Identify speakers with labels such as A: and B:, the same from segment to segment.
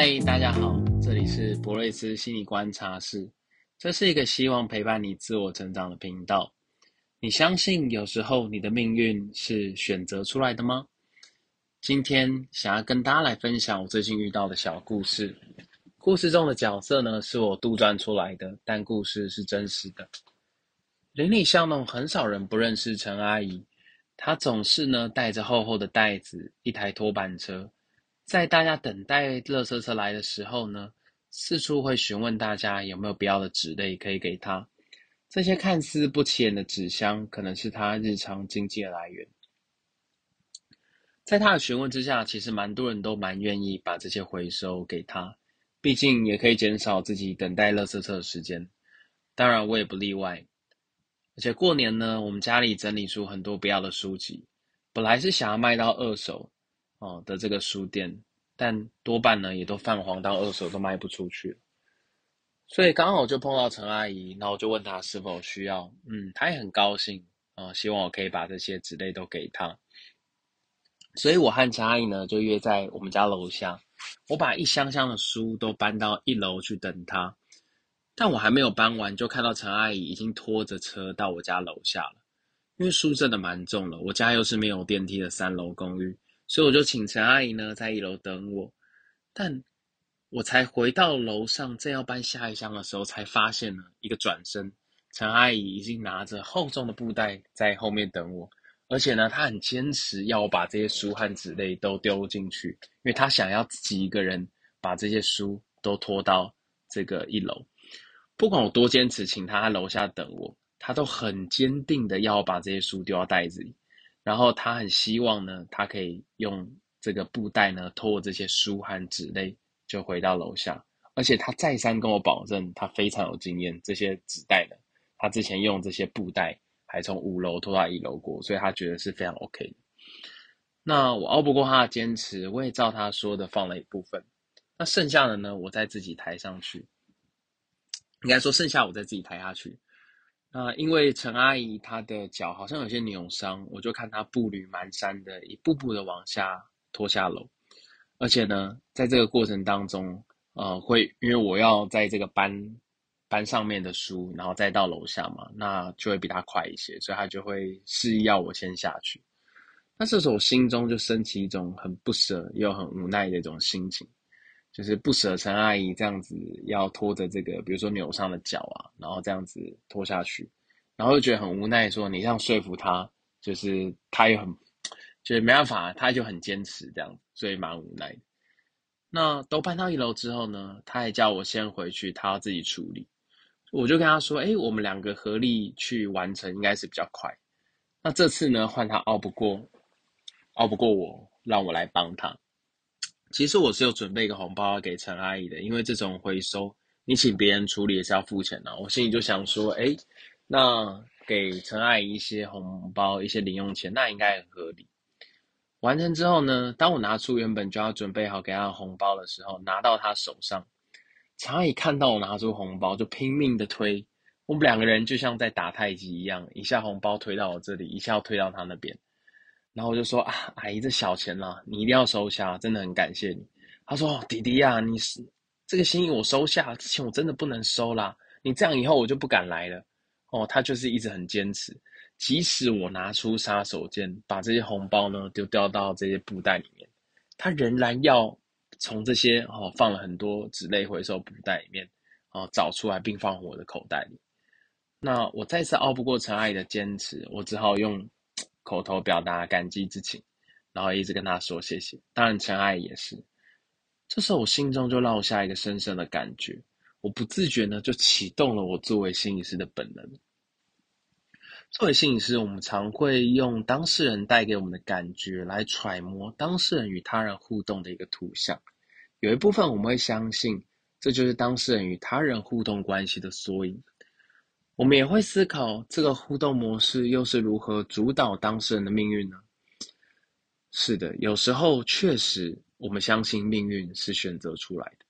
A: 嗨，Hi, 大家好，這裡是博瑞斯心理觀察室。這是一個希望陪伴你自我成長的頻道。你相信有時候你的命運是選擇出來的嗎？今天想要跟大家來分享我最近遇到的小故事。故事中的角色呢，是我杜撰出來的，但故事是真實的。鄰里巷弄很少人不認識陳阿姨，她總是呢帶着厚厚的袋子，一台拖板車。在大家等待垃圾車來的時候呢，四處會詢問大家有沒有不要的紙類可以給他。這些看似不起眼的紙箱，可能是他日常經濟的來源。在他的詢問之下，其實蠻多人都蠻願意把這些回收給他，畢竟也可以減少自己等待垃圾車的時間。當然我也不例外。而且過年呢，我們家裡整理出很多不要的書籍，本來是想要賣到二手哦的這個書店。但多半呢，也都泛黃，到二手都賣不出去，所以剛好就碰到陳阿姨，然後我就問她是否需要，嗯，她也很高興啊、呃，希望我可以把這些紙類都給她，所以我和陳阿姨呢，就約在我們家樓下，我把一箱箱的書都搬到一樓去等她，但我還沒有搬完，就看到陳阿姨已經拖着車到我家樓下了，因為書真的蠻重了，我家又是沒有電梯的三樓公寓。所以我就請陳阿姨呢，在一樓等我。但我才回到樓上，正要搬下一箱的時候，才發現呢，一個轉身，陳阿姨已經拿着厚重的布袋在後面等我，而且呢，她很堅持要我把這些書和紙類都丟進去，因為她想要自己一個人把這些書都拖到這個一樓。不管我多堅持，請她在樓下等我，她都很堅定的要我把這些書丟到袋子裡。然後他很希望呢，他可以用這個布袋呢拖我這些書和紙類，就回到樓下。而且他再三跟我保證，他非常有經驗。這些紙袋呢，他之前用這些布袋還從五樓拖到一樓過，所以他覺得是非常 OK 的。那我拗不過他的堅持，我也照他說的放了一部分。那剩下的呢，我再自己抬上去。應該說，剩下我再自己抬下去。那因為陳阿姨她的腳好像有些扭傷，我就看她步履蹣跚的，一步步的往下拖下樓。而且呢，在這個過程當中，呃，會因為我要在這個搬搬上面的書，然後再到樓下嘛，那就會比她快一些，所以她就會示意要我先下去。但是，我心中就升起一種很不捨又很無奈的一種心情。就是不捨陳阿姨這樣子，要拖着這個，比如說扭傷的腳啊，然後這樣子拖下去，然後又覺得很無奈，說你這樣說服他，就是他也很，就是沒辦法，他就很堅持這樣，所以蠻無奈的。那都搬到一樓之後呢，他還叫我先回去，他要自己處理。我就跟他說，哎、欸，我們兩個合力去完成，應該是比較快。那這次呢，換他拗不過，拗不過我，讓我來幫他。其實我是有準備一個紅包給陳阿姨的，因為這種回收你請別人處理也是要付錢的，我心裡就想說，哎，那給陳阿姨一些紅包、一些零用錢，那應該很合理。完成之後呢，當我拿出原本就要準備好給她的紅包的時候，拿到她手上，陳阿姨看到我拿出紅包，就拼命的推，我們兩個人就像在打太極一樣，一下紅包推到我這裡，一下推到她那邊。然後我就說啊，阿姨，這小錢呢、啊，你一定要收下，真的很感謝你。他說、哦，弟弟呀、啊，你是這個心意我收下了，這錢我真的不能收啦。你這樣以後我就不敢來了。哦，他就是一直很堅持，即使我拿出殺手鐧，把這些紅包呢丟掉到這些布袋裡面，他仍然要從這些哦放了很多紙類回收布袋裡面哦找出來，並放我的口袋裡。那我再次拗不過陳阿姨的堅持，我只好用。口頭表達感激之情，然後一直跟他說謝謝。當然，陳愛也是。這時候，我心中就落下一個深深的感覺。我不自覺呢，就啟動了我作為心理師的本能。作為心理師，我們常會用當事人帶給我們的感覺來揣摩當事人與他人互動的一個圖像。有一部分，我們會相信，這就是當事人與他人互動關係的縮影。我們也會思考這個互動模式又是如何主導當事人的命運呢？是的，有時候確實，我們相信命運是選擇出來的。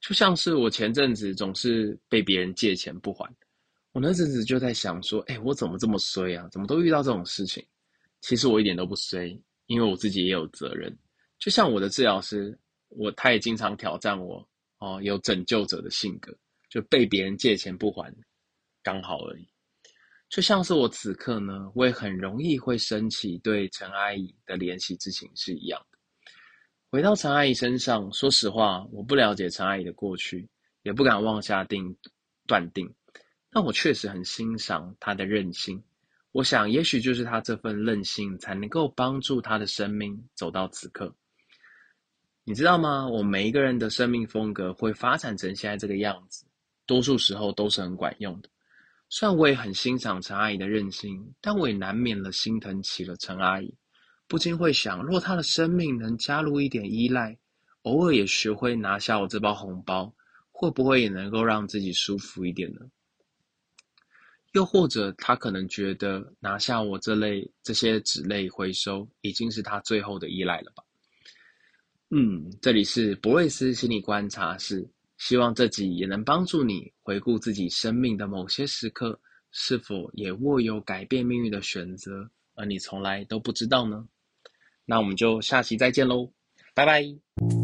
A: 就像是我前陣子總是被別人借錢不還，我那陣子就在想說，哎、欸，我怎麼這麼衰啊？怎麼都遇到這種事情？其實我一點都不衰，因為我自己也有責任。就像我的治療師，我，他也經常挑戰我，哦，有拯救者的性格，就被別人借錢不還。剛好而已，就像是我此刻呢，我也很容易會升起對陳阿姨的憐惜之情是一樣的。回到陳阿姨身上，說實話，我不了解陳阿姨的過去，也不敢妄下定斷定。但我確實很欣賞她的韌性。我想，也許就是她這份韌性，才能夠幫助她的生命走到此刻。你知道嗎？我們每一個人的生命風格會發展成現在這個樣子，多數時候都是很管用的。雖然我也很欣賞陳阿姨的任性，但我也難免的心疼起了陳阿姨，不禁會想，若她的生命能加入一點依賴，偶爾也學會拿下我這包紅包，會不會也能夠讓自己舒服一點呢？又或者，她可能覺得拿下我這類，這些紙類回收，已經是她最後的依賴了吧？嗯，這裡是博瑞斯心理觀察室。希望這集也能幫助你回顧自己生命的某些時刻，是否也握有改變命運的選擇，而你從來都不知道呢？那我們就下期再見嘍，拜拜。